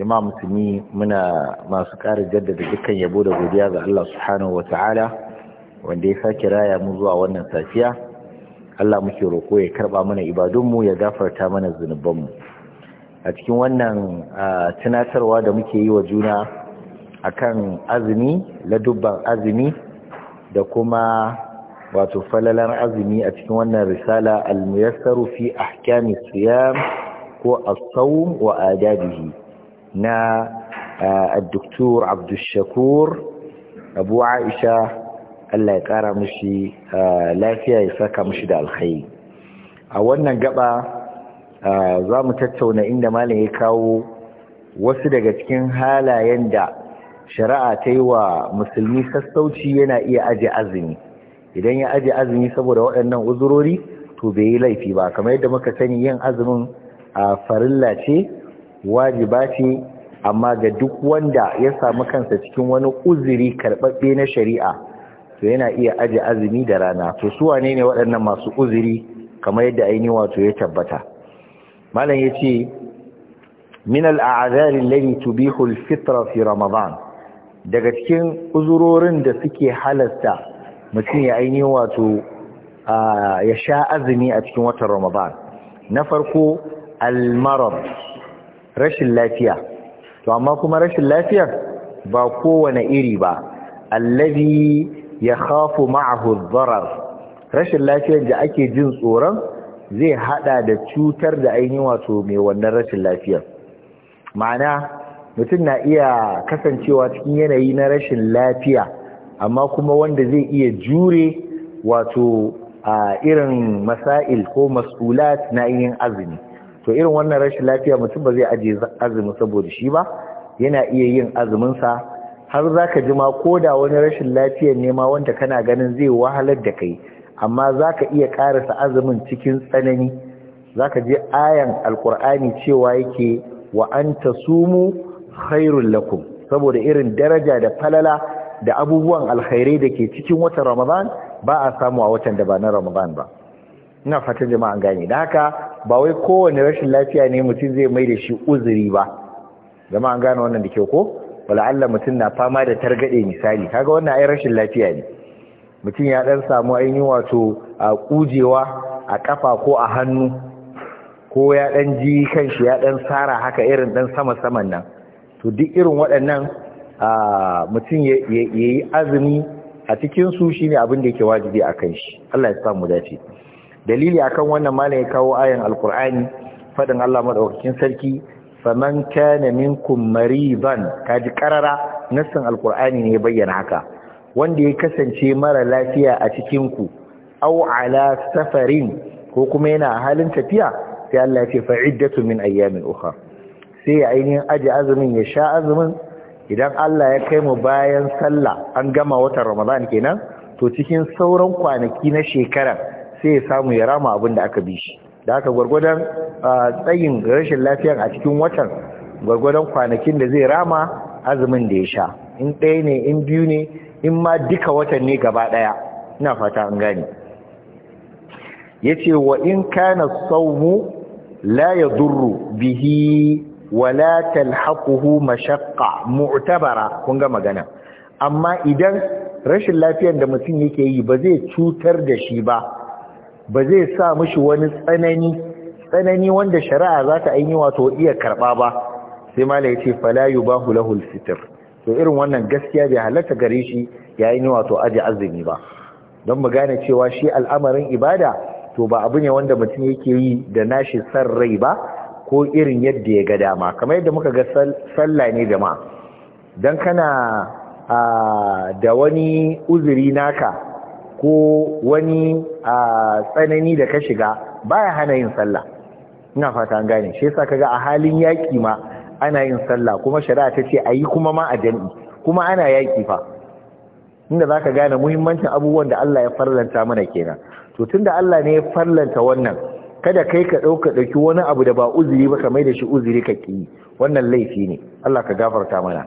jama'a musulmi muna masu ƙara jaddada dukkan yabo da godiya ga Allah subhanahu wata'ala wanda ya sake raya mu zuwa wannan safiya Allah muke roƙo ya karɓa mana ibadunmu ya gafarta mana zunubanmu a cikin wannan tunatarwa da muke yi wa juna akan azumi ladubban azumi da kuma wato falalar azumi a cikin wannan risala al-muyassaru fi ahkami siyam ko as-sawm wa adabihi na Dr. عبد Abu Aisha. Allah ya ƙara mushi lafiya ya saka mushi da alkhairi a wannan gaba za mu tattauna inda malam ya kawo wasu daga cikin halayen da shari'a ta yi wa musulmi sassauci yana iya aje azumi idan ya aje azumi saboda waɗannan uzurori to bai yi laifi ba kamar yadda muka sani yin azumin a farilla ce wajiba ce amma ga duk wanda ya samu kansa cikin wani uzuri karɓaɓɓe na shari'a to yana iya aje azumi da rana to su wane ne waɗannan masu uzuri kamar yadda aini wato ya tabbata malam ya ce min al'azari lalli tubihu al fi ramadan daga cikin uzurorin da suke halasta mutum ya aini wato ya sha azumi a cikin watan ramadan na farko al-marad rashin lafiya to amma kuma rashin lafiyar ba kowane iri ba allazi ya khafu ma'ahu dharar rashin lafiyar da ake jin tsoron zai hada da cutar da ainihin wato mai wannan rashin lafiyar ma'ana mutum na iya kasancewa cikin yanayi na rashin lafiya amma kuma wanda zai iya jure wato a irin masail ko mas'ulat na yin azumi to irin wannan rashin lafiya mutum ba zai aje azumi saboda shi ba yana iya yin azuminsa har za ka ji ma ko da wani rashin lafiyar ne ma wanda kana ganin zai wahalar da kai amma za ka iya karasa azumin cikin tsanani za ka je ayan alkur'ani cewa yake wa an sumu khairun lakum saboda irin daraja da falala da abubuwan alkhairai da ke cikin watan ramadan ba a samu a watan da ba na ramadan ba ina fatan jama'an gane da haka ba wai kowane rashin lafiya ne mutum zai mai da shi uzuri ba zama an gane wannan da ke ko wala'alla mutum na fama da targaɗe misali kaga wannan ai rashin lafiya ne mutum ya ɗan samu ainihin wato a kujewa a ƙafa ko a hannu ko ya ɗan ji kanshi ya ɗan tsara haka irin ɗan sama-saman nan to duk irin waɗannan mutum ya yi azumi a cikinsu shi ne abin da yake wajibi a kan shi Allah ya samu dace dalili akan wannan malam ya kawo ayan alqur'ani fadin Allah madaukakin sarki faman kana minkum mariban kaji karara nassin alqur'ani ne bayyana haka wanda ya kasance mara lafiya a cikin ku aw ala safarin ko kuma yana halin tafiya sai Allah ya ce fa'iddatu min ayyamin ukha sai ya ainihin aje azumin ya sha azumin idan Allah ya kai mu bayan sallah an gama watan Ramadan kenan to cikin sauran kwanaki na shekara sai ya samu ya rama abin da aka bi shi da aka gwargwadon tsayin rashin lafiyan a cikin watan gwargwadon kwanakin da zai rama azumin da ya sha in ɗaya ne in biyu ne in ma duka watan ne gaba ɗaya ina fata an gane ya ce wa in kana saumu la ya durru bihi wala talhaquhu mashaqqa mu'tabara kun ga magana amma idan rashin lafiyan da mutum yake yi ba zai cutar da shi ba ba zai sa mishi wani tsanani tsanani wanda shari'a za ta ainihi wato iya karɓa ba sai mala ya ce ba yubahu lahul fitr to irin wannan gaskiya bai halatta gare shi ya ainihi wato aje azumi ba don mu gane cewa shi al'amarin ibada to ba abu ne wanda mutum yake yi da nashi san rai ba ko irin yadda ya ga dama kamar yadda muka ga sallah ne jama'a dan kana ah, da wani uzuri naka ko wani a tsanani da ka shiga baya hana yin sallah ina fata an gane shi yasa kaga a halin yaki ma ana yin sallah kuma shari'a ta ce ayi kuma ma a jam'i. kuma ana yaki fa inda zaka gane muhimmancin abubuwan da Allah ya farlanta mana kenan to tunda Allah ne ya farlanta wannan kada kai ka dauka dauki wani abu da ba uzuri ba ka mai da shi uzuri ka ki wannan laifi ne Allah ka gafarta mana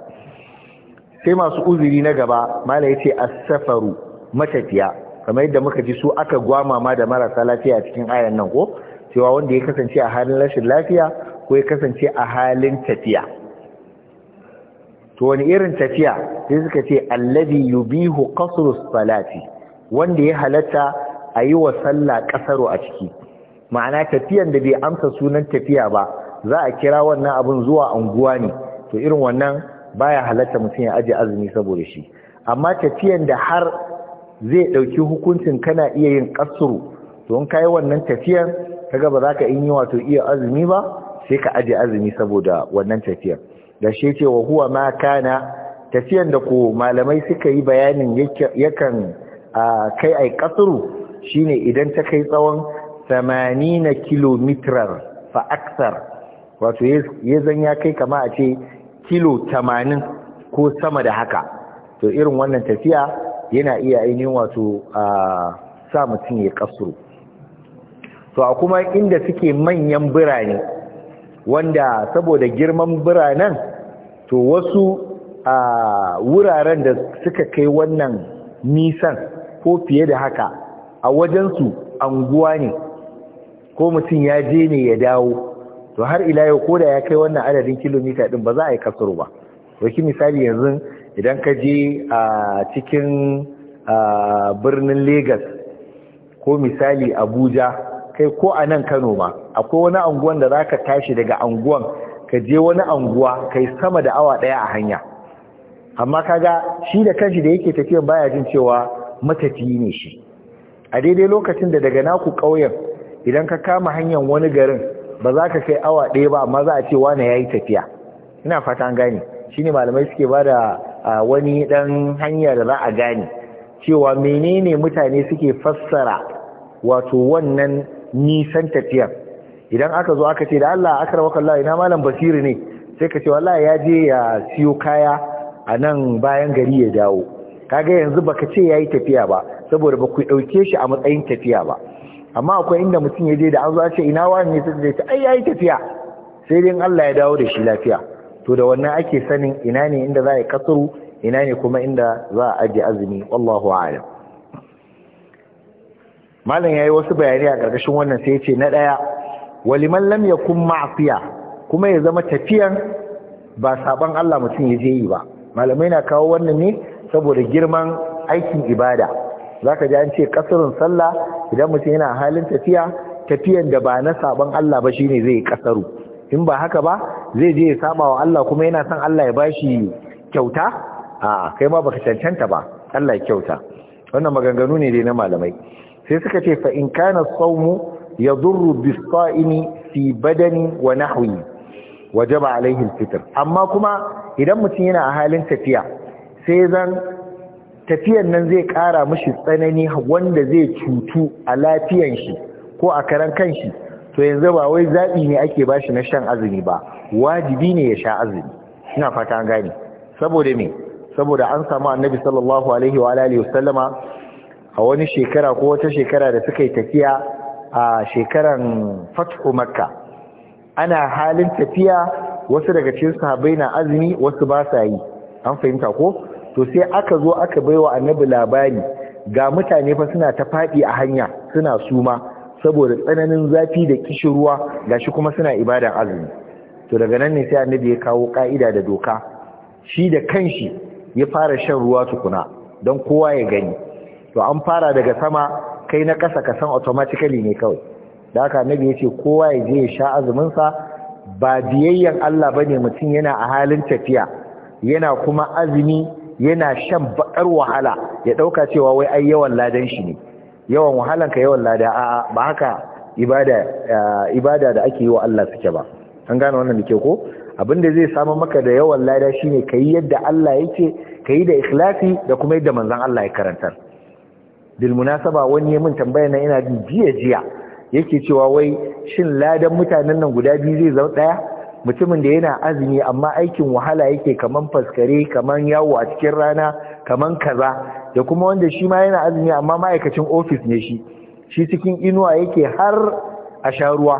sai masu uzuri na gaba mala yace as-safaru matafiya kamar yadda muka ji su aka gwama ma da marasa lafiya cikin ayan nan ko cewa wanda ya kasance a halin rashin lafiya ko ya kasance a halin tafiya to wani irin tafiya sai suka ce alladhi yubihu qasru salati wanda ya halatta a yi wa sallah kasaro a ciki ma'ana tafiyan da bai amsa sunan tafiya ba za a kira wannan abun zuwa unguwa ne to irin wannan baya halatta mutum ya aje azumi saboda shi amma tafiyan da har zai ɗauki hukuncin kana iya yin ƙasuru to in wannan tafiyar kaga ba za ka in yi wato iya azumi ba sai ka aje azumi saboda wannan tafiyar da shi ce wa huwa ma kana tafiyar da ko malamai suka yi bayanin yakan kai a ƙasuru shine idan ta kai tsawon 80 kilomitar fa aksar wato ya zan ya kai kama a ce kilo tamanin ko sama da haka to irin wannan tafiya yana iya ainihin wato a sa mutum ya kasuru to a kuma inda suke manyan birane wanda saboda girman biranen to wasu a wuraren da suka kai wannan nisan ko fiye da haka a wajensu anguwa ne ko mutum ya je ne ya dawo to har ila yau ko da ya kai wannan adadin kilomita din ba za a yi kasuru ba dauki misali yanzu idan ka je a cikin birnin Legas ko misali Abuja kai ko a nan Kano ma akwai wani anguwan da zaka tashi daga anguwan ka je wani anguwa kai sama da awa daya a hanya amma kaga shi da kanshi da yake tafiya baya jin cewa matafiyi ne shi a daidai lokacin da daga naku ƙauyen idan ka kama hanyar wani garin ba za ka kai awa ɗaya ba amma za a ce wane ya yi tafiya ina fatan gane shi ne malamai suke ba da wani ɗan hanya da za a gane cewa menene mutane suke fassara wato wannan nisan tafiyar idan aka zo aka ce da Allah akramaka Allah ina malam basiri ne sai ka ce wallahi ya je ya siyo kaya a nan bayan gari ya dawo kaga yanzu baka ce yayi tafiya ba saboda ba ku dauke shi a matsayin tafiya ba amma akwai inda mutum ya je da an zo a ce ina wani ne sai ya ce ai yayi tafiya sai dai Allah ya dawo da shi lafiya to da wannan ake sanin ina ne inda za a yi kasuru ina ne kuma inda za a ajiye azumi wallahu a'lam malam yayi wasu bayanai a ƙarƙashin wannan sai ya ce na ɗaya waliman lam yakun ma'siya kuma ya zama tafiyan ba saban Allah mutum ya je yi ba malamai na kawo wannan ne saboda girman aikin ibada zaka ji an ce kasurun sallah idan mutum yana halin tafiya tafiyan da ba na saban Allah ba shine zai kasaru in ba haka ba zai je ya saba wa Allah kuma yana son Allah ya bashi kyauta a kai ma baka cancanta ba Allah ya kyauta wannan maganganu ne dai na malamai sai suka ce fa in kana sawmu yadurru bis fi badani wa nahwi Waje ba alaihin fitar. amma kuma idan mutum yana a halin tafiya sai zan tafiyan nan zai kara mishi tsanani wanda zai cutu a lafiyan shi ko a karan kanshi to yanzu ba wai zaɓi ne ake ba shi na shan azumi ba wajibi ne ya sha azumi ina fata an saboda me saboda an samu annabi sallallahu alaihi wa alihi wasallama a wani shekara ko wata shekara da suka yi tafiya a shekaran fathu makka ana halin tafiya wasu daga cikin sahabbai na azumi wasu ba sa yi an fahimta ko to sai aka zo aka baiwa annabi labari ga mutane fa suna ta faɗi a hanya suna suma saboda tsananin zafi da kishin kishirwa gashi kuma suna ibadan azumi to daga nan ne sai annabi ya kawo ka'ida da doka shi da kanshi ya fara shan ruwa tukuna don kowa ya gani to an fara daga sama kai na ƙasa ka san automatically ne kawai da haka annabi ya ce kowa ya je ya sha azumin sa ba biyayyan Allah bane mutum yana a halin tafiya yana kuma azumi yana shan bakar wahala ya dauka cewa wai ai yawan ladan shi ne yawan wahalan ka yawan lada a ba haka ibada da ake yi wa Allah suke ba an gane wannan muke ko abin da zai samu maka da yawan lada shine kai yadda Allah yake kai da ikhlasi da kuma yadda manzon Allah ya karantar bil munasaba wani ya min tambaya na ina jiya jiya yake cewa wai shin ladan mutanen nan guda biyu zai zama daya mutumin da yana azumi amma aikin wahala yake kaman faskare kaman yawo a cikin rana kaman kaza da kuma wanda shi ma yana azumi amma ma'aikacin ofis ne shi shi cikin inuwa yake har a sha ruwa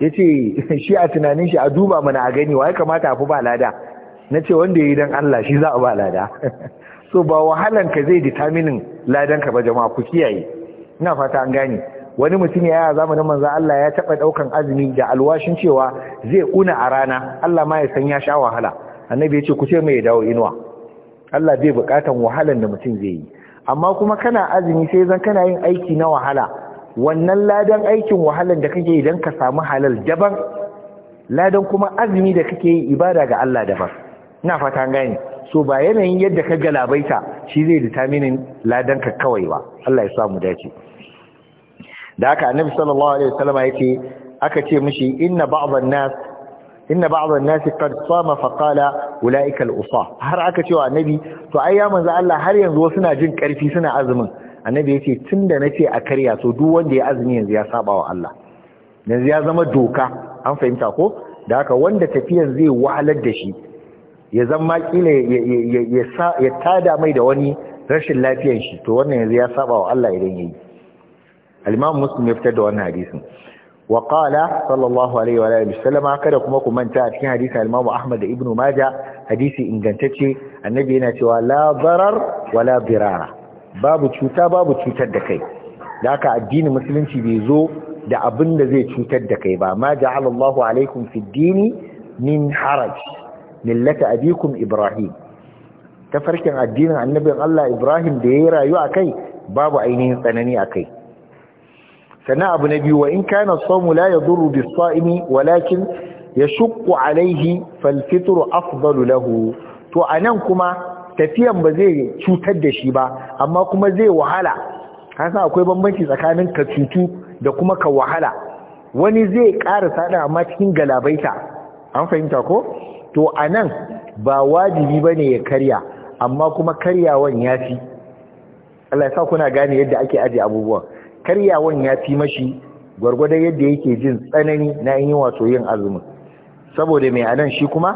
yace shi a tunanin shi a duba mana a gani wa ya kamata a fi ba lada na ce wanda ya yi don Allah shi za a ba lada so ba wahalan ka zai determining ladan ka ba jama'a ku kiyaye ina fata an gane wani mutum ya yi zamanin manzan Allah ya taɓa ɗaukan azumi da alwashin cewa zai ƙuna a rana Allah ma ya san ya sha wahala annabi ya ce ku ce mai dawo inuwa Allah bai buƙatan wahalan da mutum zai yi amma kuma kana azumi sai zan kana yin aiki na wahala wannan ladan aikin wahalan da kake idan ka samu halal daban ladan kuma azumi da kake yi ibada ga Allah daban ina fata gane so ba yanayin yadda ka galabaita shi zai determine ladan ka kawai ba Allah ya sa mu dace da haka annabi sallallahu alaihi wasallam yake aka ce mishi inna ba'dhan nas inna ba'dhan nas qad sama fa qala ulaika al-usa har aka ce wa annabi to ai ya manzo Allah har yanzu wasu na jin karfi suna azumin annabi yace tunda nace a karya so duk wanda ya azumi yanzu ya saba wa Allah yanzu ya zama doka an fahimta ko da haka wanda tafiyan zai wahalar da shi ya zama kila ya tada mai da wani rashin lafiyar shi to wannan yanzu ya saba wa Allah idan yayi al muslim ya fitar da wannan hadisin wa qala sallallahu alaihi wa alihi sallama. kada kuma ku manta a cikin hadisin al ahmad da ibnu majah hadisi ingantacce annabi yana cewa la darar wa la dirara babu cuta babu cutar da kai da haka addinin musulunci bai zo da abin da zai cutar da kai ba ma ja'ala Allahu alaikum fid dini min haraj millata abikum ibrahim tafarkin addinin annabin Allah ibrahim da rayu a kai babu ainihin tsanani akai sannan abu na biyu wa in kana sawmu la yadurru bis-sa'imi walakin ya alayhi alaihi falfitru afdalu lahu to a nan kuma tafiyan ba zai cutar da shi ba amma kuma zai wahala kasan akwai bambanci tsakanin ka cutu da kuma ka wahala wani zai ƙara sada amma cikin galabaita an fahimta ko to a nan ba wajibi ba ne ya karya amma kuma karyawan ya fi. Allah ya sa kuna gane yadda ake aje abubuwan karyawan ya fi mashi gwargwadon yadda yake jin tsanani na yin wato yin azumin saboda mai anan shi kuma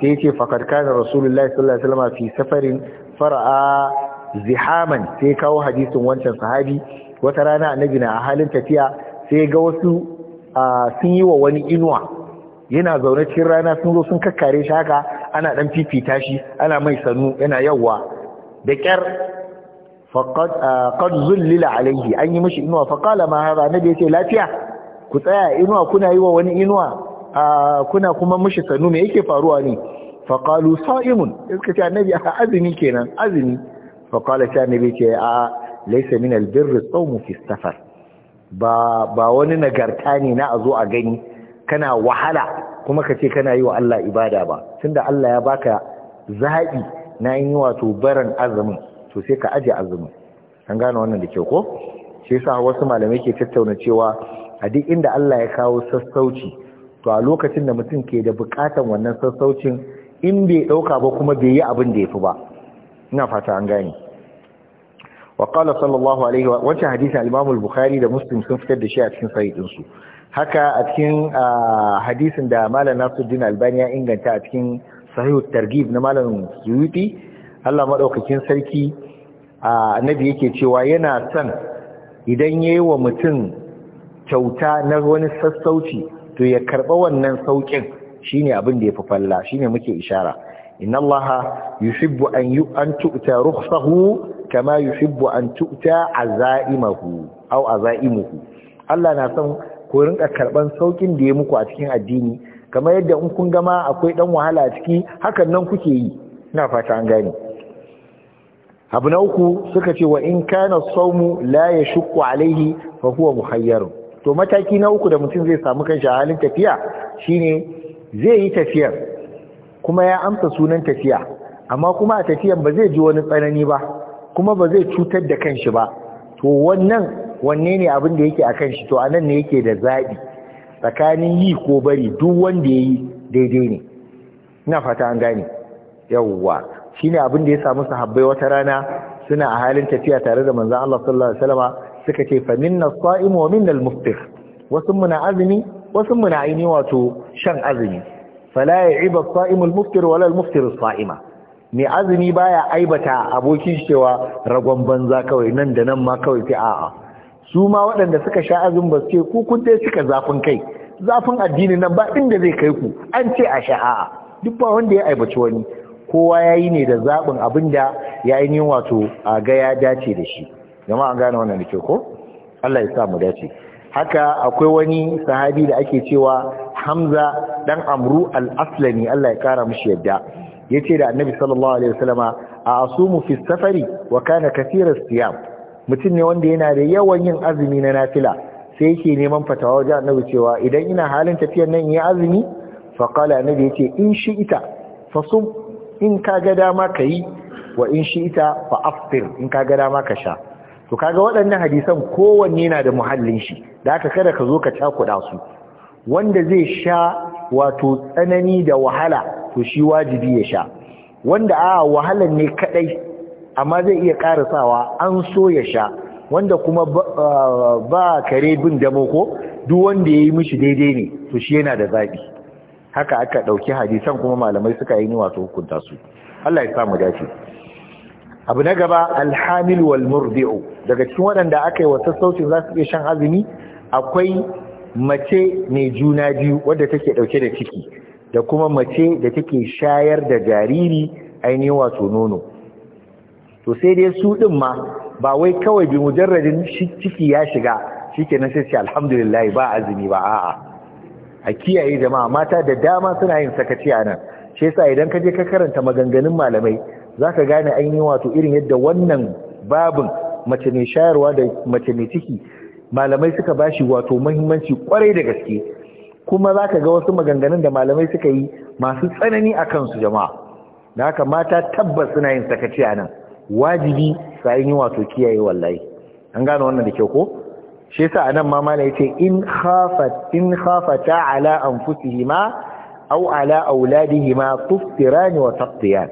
sai ya ce fakar na rasulullahi sallallahu alaihi wasallam fi safarin fara'a zihaman sai kawo hadisin wancan sahabi wata rana annabi na a halin tafiya sai ga wasu sun yi wa wani inuwa yana zaune cikin rana sun zo sun kakkare shi haka ana dan fifita shi ana mai sanu yana yawa da kyar faqad ah, zullila alaihi an yi mishi inuwa faqala ma hada nabi ce lafiya ku tsaya inuwa kuna yi wa wani inuwa ah, kuna kuma mishi sanu me yake faruwa ne faqalu sa'imun iska ce annabi a ah, azumi kenan azumi faqala ta annabi ce a laysa min albirr as fi safar ba ba wani nagarta ne na azo a gani kana wahala kuma ka ce kana yi wa Allah ibada ba tunda Allah ya baka zaɓi na yi wato baran azumin to sai ka ajiye azumin. an gane wannan da kyau ko shi yasa wasu malamai ke tattauna cewa a duk inda Allah ya kawo sassauci to a lokacin da mutum ke da bukatan wannan sassaucin in bai dauka ba kuma bai yi abin da yafi ba ina fata an gane wa qala sallallahu alaihi wa wancan hadisi al-Imam al-Bukhari da Muslim sun fitar da shi a cikin sahihin su haka a cikin hadisin da Malam Nasiruddin Albani ya inganta a cikin sahihu targhib na Malam Suyuti Allah maɗaukakin sarki nabi yake cewa yana son idan ya yi wa mutum kyauta na wani sassauci to ya karɓa wannan sauƙin shi ne abin da ya fi falla shi ne muke ishara inna Allah yushibbu an yi an tu'ta rukhsahu kama yushibbu an tu'ta azaimahu aw azaimuhu Allah na son ku rinka karɓar sauƙin da ya muku a cikin addini kamar yadda in kun gama akwai ɗan wahala a ciki hakan nan kuke yi ina fata an gane abu na uku suka ce wa in kana saumu la shukku alaihi fa huwa muhayyar to mataki na uku da mutum zai samu kanshi a halin tafiya shine zai yi tafiyar kuma ya amsa sunan tafiya amma kuma a tafiyan ba zai ji wani tsanani ba kuma ba zai cutar da kanshi ba to wannan wanne ne abin da yake a kanshi to anan ne yake da zabi tsakanin yi ko bari duk wanda yayi daidai ne ina fata an gane yawwa shine abin da ya samu sahabbai wata rana suna a halin tafiya tare da manzon Allah sallallahu alaihi suka ce fa minna as-sa'im wa minna al-muftir wasu muna azumi wasu muna aini wato shan azumi fala ya'iba as-sa'im al-muftir wala al-muftir as-sa'ima mai azumi baya aibata abokin cewa ragon banza kawai nan da nan ma kawai sai a'a su ma waɗanda suka sha azumin ba su ce ku kun dai suka zafin kai zafin addini nan ba inda zai kai ku an ce a sha'a duk ba wanda ya aibaci wani kowa ya yi ne da zaɓin abin da ya yi wato a ga dace da shi jama'a an gane wannan da ke ko Allah ya sa dace haka akwai wani sahabi da ake cewa hamza dan amru al-aslami Allah ya kara mashi yadda Ya ce da annabi sallallahu alaihi wasallama a asumu fi safari wa kana kathira siyam mutum ne wanda yana da yawan yin azumi na nafila sai yake neman fatawa wajen annabi cewa idan ina halin tafiyar nan yi azumi fa qala annabi yace in shi ita fasu in ka ga dama ka yi wa in shi ita fa aftir in ka ga dama ka sha to kaga waɗannan hadisan kowanne na da muhallin shi da aka kada ka zo ka cakuɗa su wanda zai sha wato tsanani da wahala to shi wajibi ya sha wanda a wahalan ne kadai amma zai iya karasawa an so ya sha wanda kuma ba kare bin damo ko duk wanda ya yi mishi daidai ne to shi yana da zaɓi haka aka ɗauki hadisan kuma malamai suka yi wato hukunta su Allah ya samu dace abu na gaba alhamil wal murdi'u daga cikin waɗanda aka yi wa sassaucin za su iya shan azumi akwai mace mai juna biyu wadda take ɗauke da ciki da kuma mace da take shayar da jariri ainihin wato nono to sai dai su ɗin ma ba wai kawai bi mujarradin ciki ya shiga shi nan sai ce alhamdulillah ba azumi ba a'a a kiyaye jama'a mata da dama suna yin sakaci a nan shi yasa idan ka je ka karanta maganganun malamai zaka gane an yi wato irin yadda wannan babin mace mai shayarwa da mace mai ciki malamai suka ba shi wato muhimmanci kwarai da gaske kuma zaka ga wasu maganganun da malamai suka yi masu tsanani a kansu jama'a da haka mata tabbas suna yin sakaci a nan wajibi sai yin wato kiyaye wallahi an gane wannan da kyau ko shi yasa anan ma malai yace in khafat in khafata ala anfusihima aw ala auladihima tuftirani wa taqtiyan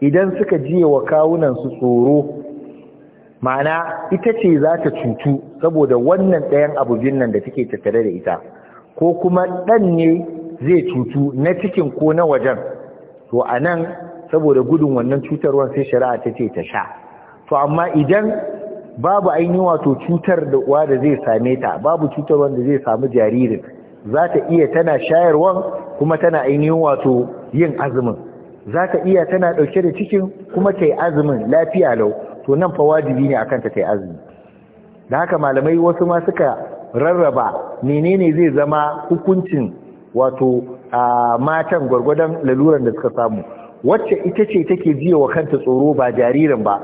idan suka jiye wa kawunan su tsoro ma'ana ita ce za ta cutu saboda wannan ɗayan abu nan da take tattare da ita ko kuma ɗan ne zai cutu na cikin ko na wajen to anan saboda gudun wannan cutarwar sai shari'a ta ce ta sha to amma idan babu ainihin wato cutar da uwa da zai same ta babu cutar wanda zai samu jaririn za ta iya tana shayarwan kuma tana ainihin wato yin azumin za ta iya tana ɗauke da cikin kuma ta yi azumin lafiya lau to nan fa wajibi ne akan ta ta yi azumi da haka malamai wasu ma suka rarraba menene zai zama hukuncin wato a matan gwargwadon laluran da suka samu wacce ita ce take jiya wa kanta tsoro ba jaririn ba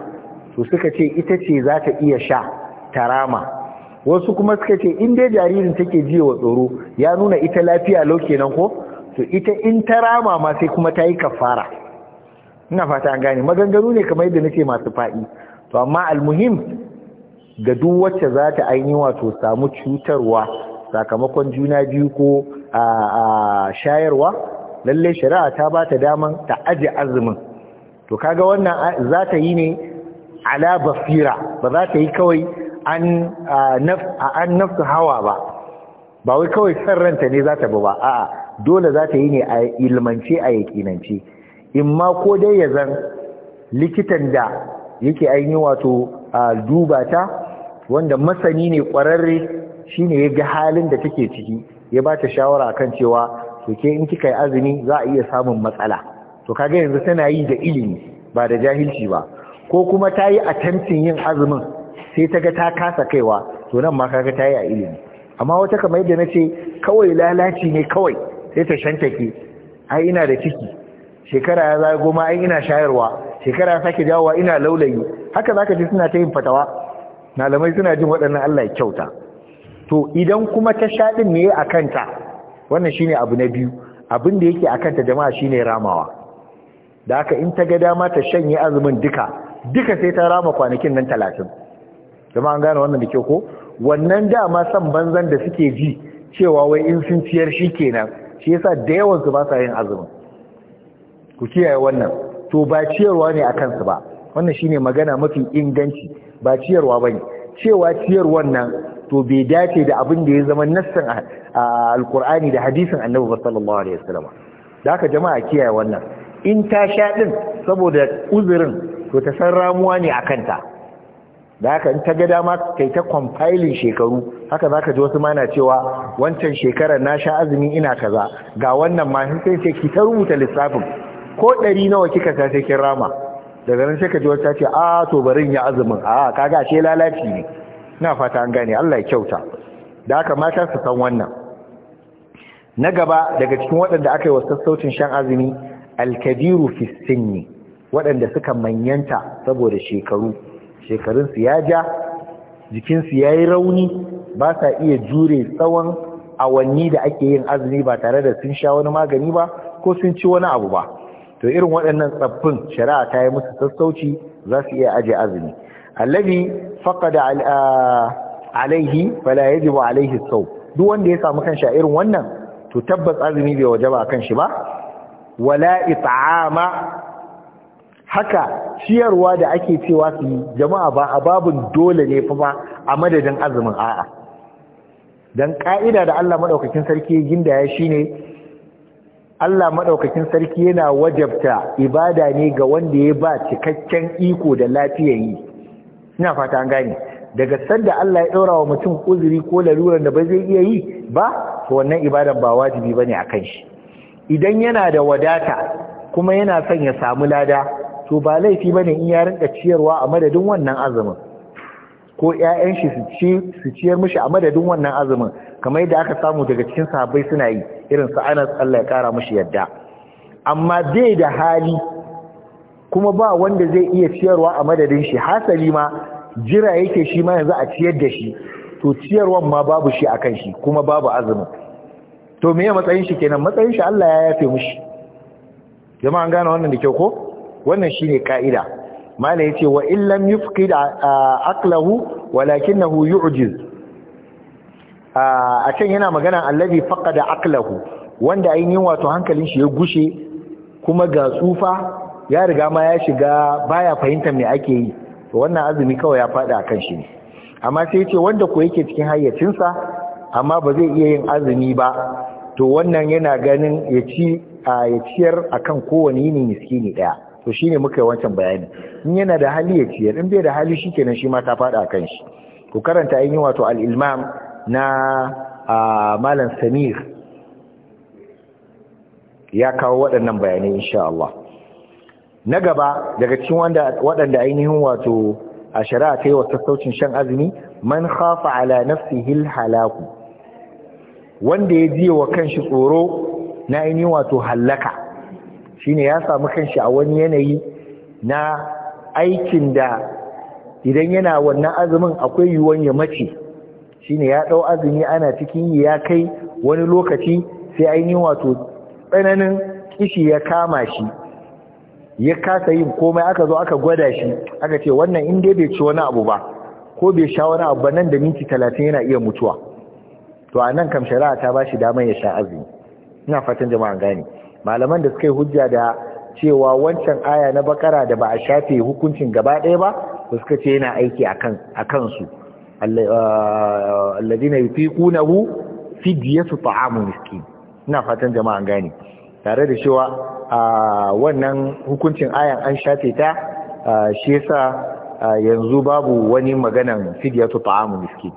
to suka ce ita ce za ta iya sha tarama wasu kuma suka ce in dai jaririn take jiya wa tsoro ya nuna ita lafiya lau kenan ko to ita in tarama ma sai kuma ta yi kafara ina fata an gane maganganu ne kamar yadda nake masu faɗi to amma almuhim ga duk wacce za ta ainihi wato samu cutarwa sakamakon juna biyu ko a shayarwa lallai shari'a ta ba ta daman ta aje azumin to kaga wannan za ta yi ne ala basira ba za ta yi kawai an nafsu hawa ba ba wai kawai san ranta ne za ta ba ba a'a dole za ta yi ne a ilmance a yaƙinance in ma ko dai ya zan likitan da yake ainihin wato duba ta wanda masani ne ƙwararre ne ya ga halin da take ciki ya ba ta shawara kan cewa to in kika yi azumi za a iya samun matsala to kaga yanzu tana yi da ilimi ba da jahilci ba ko kuma ta yi attempting yin azumin sai ta ga ta kasa kaiwa to nan ma kaga ta yi a ilimi amma wata kamar yadda na ce kawai lalaci ne kawai sai ta shantake ai ina da ciki shekara ya za goma ai ina shayarwa shekara ya sake dawowa ina laulayi haka zaka ji suna ta yin fatawa malamai suna jin waɗannan Allah ya kyauta to idan kuma ta shaɗin ne a kanta wannan shine abu na biyu abin da yake a kanta jama'a shine ramawa da haka in ta ga dama ta shanye azumin duka duka sai ta rama kwanakin nan talatin zama an gane wannan da ke ko wannan dama san banzan da suke ji cewa wai in sun ciyar shi kenan shi yasa da yawan su ba sa yin azumin ku kiyaye wannan to ba ciyarwa ne akan su ba wannan shine magana mafi inganci ba ciyarwa bane cewa ciyar wannan to bai dace da abin da ya zama nassan alkur'ani da hadisin annabi sallallahu alaihi wasallam da haka jama'a kiyaye wannan in ta sha din saboda uzurin to ta san ramuwa ne a kanta da haka in ta ga dama kai ta compiling shekaru haka zaka ji wasu mana cewa wancan shekarar na sha azumi ina kaza ga wannan ma sai sai ki ta rubuta lissafin ko ɗari nawa kika sa sai kin rama daga nan sai ka ji wata ce a to barin ya azumin a kaga ce lalaci ne ina fata an gane Allah ya kyauta da haka mata su san wannan na gaba daga cikin waɗanda aka yi wa sassaucin shan azumi alkabiru fi sinni waɗanda suka manyanta saboda shekaru shekarunsu ya ja jikinsu yayi yayi rauni ba sa iya jure tsawon awanni da ake yin azumi ba tare da sun sha wani magani ba ko sun ci wani abu ba to irin waɗannan tsaffin shari'a ta yi musu sassauci za su iya aje azumi allazi faqada alaihi fala yajibu alaihi sau duk wanda ya samu kanshi a irin wannan to tabbas azumi bai wajaba kan shi ba wala it'ama haka ciyarwa da ake cewa su yi jama'a ba a babin dole ne fi ba a madadin azumin a'a don ƙa'ida da Allah maɗaukakin sarki gindaya shi ne Allah maɗaukakin sarki yana wajabta ibada ne ga wanda ya ba cikakken iko da lafiyar yi ina fata an gane daga sanda Allah ya ɗaura wa mutum uzuri ko lalurar da ba zai iya yi ba to wannan ibadan ba wajibi ba ne a kan shi idan yana da wadata kuma yana son ya samu lada to ba laifi bane in ya rinka ciyarwa a madadin wannan azumin ko ƴaƴan shi su ciyar mishi a madadin wannan azumin kamar yadda aka samu daga cikin sahabbai suna yi irin su Anas Allah ya kara mishi yadda amma bai da hali kuma ba wanda zai iya ciyarwa a madadin shi hasali ma jira yake shi ma yanzu a ciyar da shi to ciyarwan ma babu shi akan shi kuma babu azumin to me matsayin shi kenan matsayin shi Allah ya yafe mishi jama'an gane wannan da kyau ko wannan shi ne ka'ida ya ce wa illam walakin na huyu ujiz. a can yana magana allabi faka da aklahu wanda ainihin wato hankalin shi ya gushe kuma ga tsufa ya riga ma ya shiga baya fahimtar mai ake yi wannan azumi kawai ya a kan shi ne amma sai yace wanda ko yake cikin hayyacinsa amma ba zai iya yin azumi ba to wannan yana ganin ya ci a ya ciyar akan kowane yini miskini daya to shine muka yi wancan bayani in yana da hali ya ciyar in bai da hali shi kenan shi ma ta fada kan shi ku karanta ainihin wato al-ilmam na malam samir ya kawo waɗannan bayanai insha Allah na gaba daga cikin waɗanda ainihin wato a shari'a ta yi wa sassaucin shan azumi man khafa ala nafsihi halaku wanda ya jiye wa kanshi tsoro na ainihin wato hallaka shine ya samu kanshi a wani yanayi na aikin da idan yana wannan azumin akwai yiwuwan ya mace shine ya dau azumi ana cikin ya kai wani lokaci sai ainihin wato tsananin kishi ya kama shi ya kasa yin komai aka zo aka gwada shi aka ce wannan in dai bai ci wani abu ba ko bai sha wani abu ba nan da minti talatin yana iya mutuwa to a nan kam shari'a ta ba shi damar ya sha azumi ina fatan jama'an gani malaman da suka yi hujja da cewa wancan aya na bakara da ba a shafe hukuncin gaba ɗaya ba ba suka ce yana aiki a kansu uh, na fi yutiqunahu su ta'amu miski. ina fatan jama'an gane tare da cewa uh, wannan hukuncin ayan an shafe ta uh, shi yasa yanzu babu wani maganan su ta'amu miski.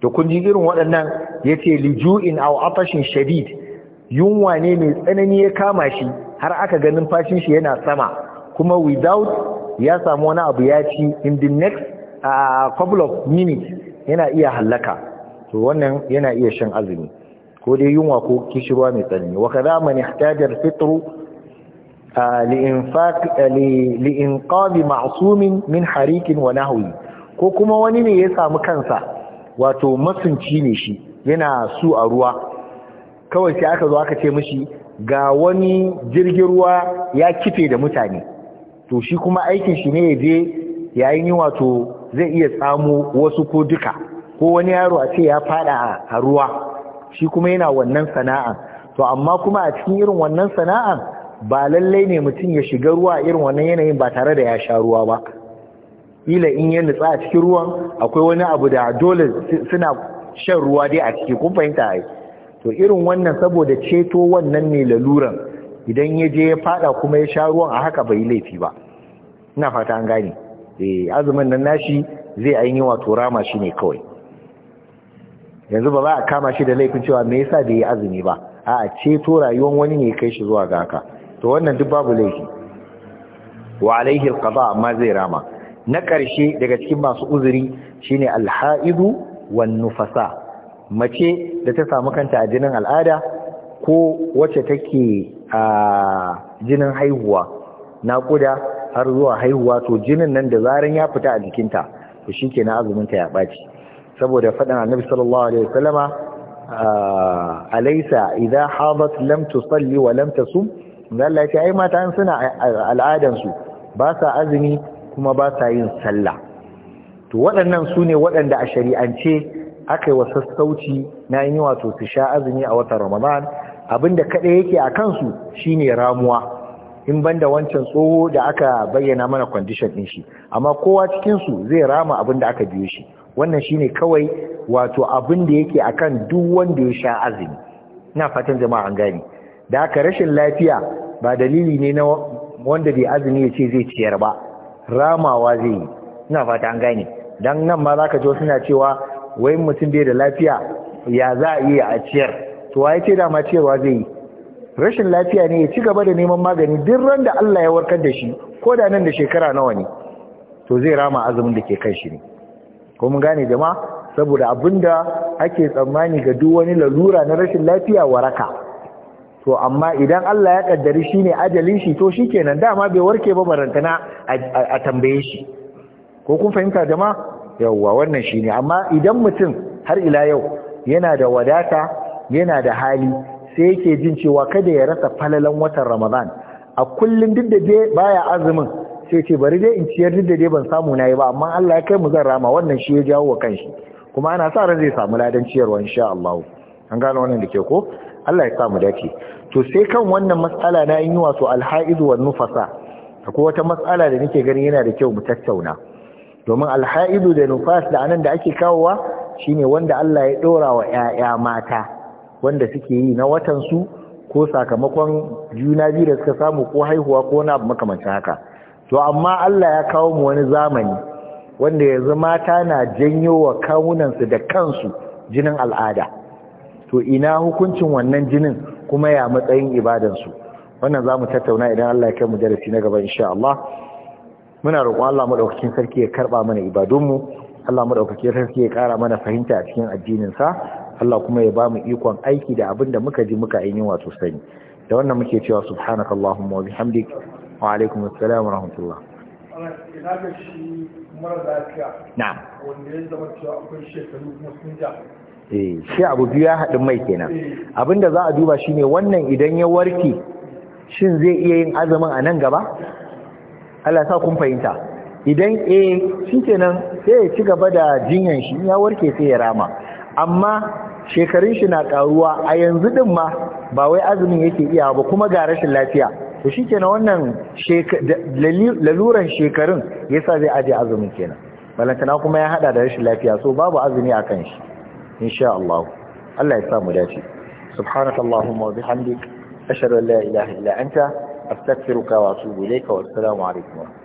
to kun ji irin waɗannan ya yace liju'in au afashin shadid yunwa ne mai tsanani ya kama shi har aka ganin fashin shi yana sama kuma without ya samu wani abu ya ci in the next uh, couple of minutes yana iya hallaka to wannan yana iya shan azumi ko dai yunwa ko kishirwa mai tsanani wa kaza man ihtajar fitru li inqabi ma'sumin min harikin wa nahwi ko kuma wani ne ya samu kansa wato masunci ne shi yana su a ruwa kawai sai aka zo aka ce mishi ga wani jirgin ruwa ya kife da mutane to shi kuma aikin shi ne ya je yayin yi wato zai iya tsamo wasu ko duka ko wani yaro a ce ya fada a ruwa shi kuma yana wannan sana'a to amma kuma a cikin irin wannan sana'a ba lallai ne mutum ya shiga ruwa irin wannan yanayin ba tare da ya sha ruwa ba ila in ya nutsa a cikin ruwan akwai wani abu da dole suna shan ruwa dai a ciki kun fahimta ai to irin wannan saboda ceto wannan ne laluran idan ya je ya fada kuma ya sha ruwan a haka bai laifi ba ina fata an gane eh azumin nan nashi zai ainihi wato rama shi ne kawai yanzu ba za a kama shi da laifin cewa me yasa bai yi azumi ba a'a ceto rayuwar wani ne kai shi zuwa ga haka to wannan duk babu laifi wa alaihi alqada amma zai rama na ƙarshe daga cikin masu uzuri shine alhaidu wan nufasa mace da ta samu kanta a jinin al'ada ko wacce take a jinin haihuwa naƙuda har zuwa haihuwa to jinin nan da zaran ya fita a jikinta to shi ke na azuminta ya ɓaci saboda faɗin annabi sallallahu alaihi wasallama ah, alaisa idan hadat lam salli wa lam tasum Allah ya ai mata an suna al'adan su ba sa azumi kuma ba sa yin sallah to waɗannan su ne waɗanda a shari'ance aka yi wa sassauci na yi wato su sha azumi a watan ramadan abinda kaɗai yake a kansu shine ramuwa in banda wancan tsoho da aka bayyana mana kwandishan ɗin shi amma kowa cikinsu zai rama abin da aka biyo shi wannan shine kawai wato abin da yake akan duk wanda ya sha azumi ina fatan jama'a an gane da aka rashin lafiya ba dalili ne na wanda bai azumi ya ce zai ciyar ba ramawa zai yi ina fata an gane dan nan ma za ka ji suna cewa wai mutum bai da lafiya ya za a yi a ciyar to wa ce dama ciyarwa zai yi rashin lafiya ne ya ci gaba da neman magani duk ran da Allah ya warkar da shi ko da nan da shekara nawa ne to zai rama azumin da ke kan shi ne ko mun gane jama'a saboda abinda ake tsammani ga duk wani lalura na rashin lafiya waraka to amma idan Allah ya kaddari shine ajalin shi to shikenan dama bai warke ba barantana a tambaye shi ko kun fahimta jama'a yawwa wannan shi ne, amma idan mutum har ila yau yana da wadata yana da hali sai yake jin cewa kada ya rasa falalan watan Ramadan a kullum duk da baya azumin sai ce bari dai in ciyar duk da dai ban samu nayi ba amma Allah ya kai mu zan rama wannan shi ya jawo wa kanshi kuma ana sa ran zai samu ladan ciyarwa insha Allah an gano wannan da ke ko Allah ya sa mu dace to sai kan wannan matsala na yin yi al-haiz wa nufasa akwai wata matsala da nake gani yana da kyau mu tattauna domin alha'idu da nufas da anan da ake kawowa shine wanda Allah ya dora wa ƴaƴa mata wanda suke yi na watan su ko sakamakon juna biyu da suka samu ko haihuwa ko na abu makamancin haka to amma Allah ya kawo mu wani zamani wanda yanzu mata na janyo wa kawunan su da kansu jinin al'ada to ina hukuncin wannan jinin kuma ya matsayin ibadan su wannan zamu tattauna idan Allah ya kai mu darasi na gaba insha Allah muna roƙon Allah madaukakin sarki ya karɓa mana ibadunmu Allah madaukakin sarki ya ƙara mana fahimta a cikin addinin sa Allah kuma ya bamu ikon aiki da abin da muka ji muka yi wato sani da wannan muke cewa subhanakallahumma wa bihamdik wa alaikum assalam wa rahmatullah na'am wanda ya zama cewa akwai shekaru kuma sun ja shi abu biyu ya haɗin mai kenan abinda za a duba shine wannan idan ya warke shin zai iya yin azumin a nan gaba Allah sa kun fahimta idan eh shikenan sai ya ci gaba da jinyan shi ya warke sai ya rama amma shekarun shi na karuwa a yanzu din ma ba wai azumin yake iya ba kuma ga rashin lafiya to shikenan wannan laluran shekarun yasa zai aje azumin kenan balantana kuma ya hada da rashin lafiya so babu azumi a kan shi insha Allah Allah ya samu dace subhanakallahumma wa bihamdik ashhadu an la ilaha illa anta astaghfiruka wa wasu ilayka wa assalamu alaikum